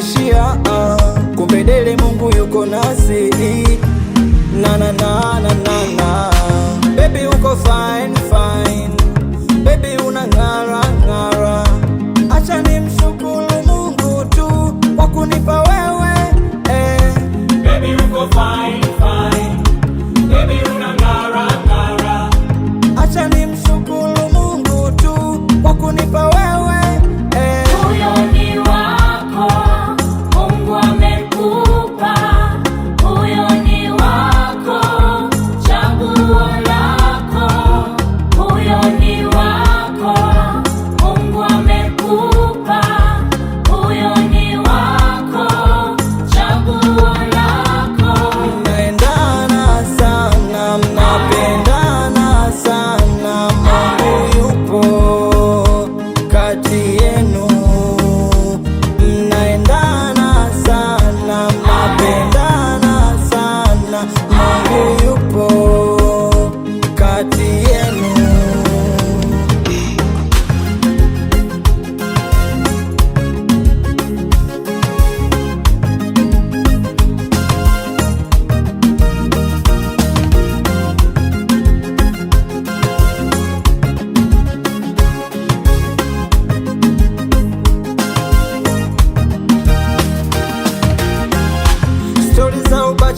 kunirudishia ah, kumbe Mungu yuko nasi na na na na na, na. Baby uko fine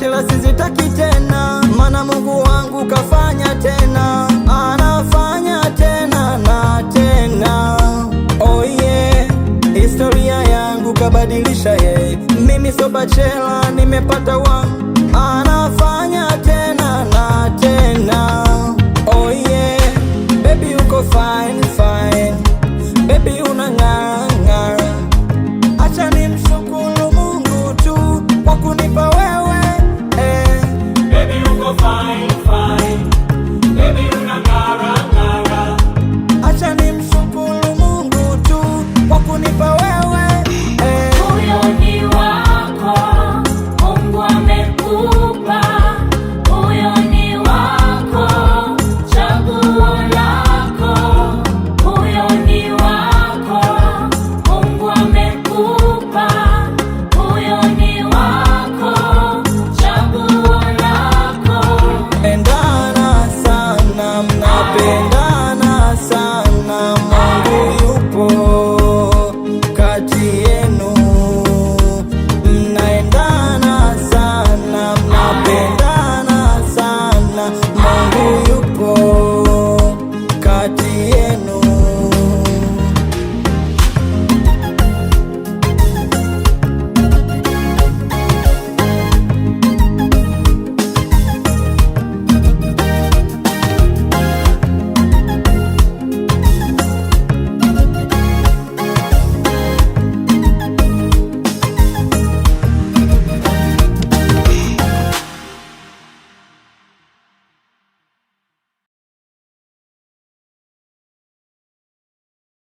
Shela sizitaki tena, mana Mungu wangu kafanya tena, anafanya tena na tena. Oh yeah, historia yangu kabadilisha yeye. Mimi so bachela nimepata wangu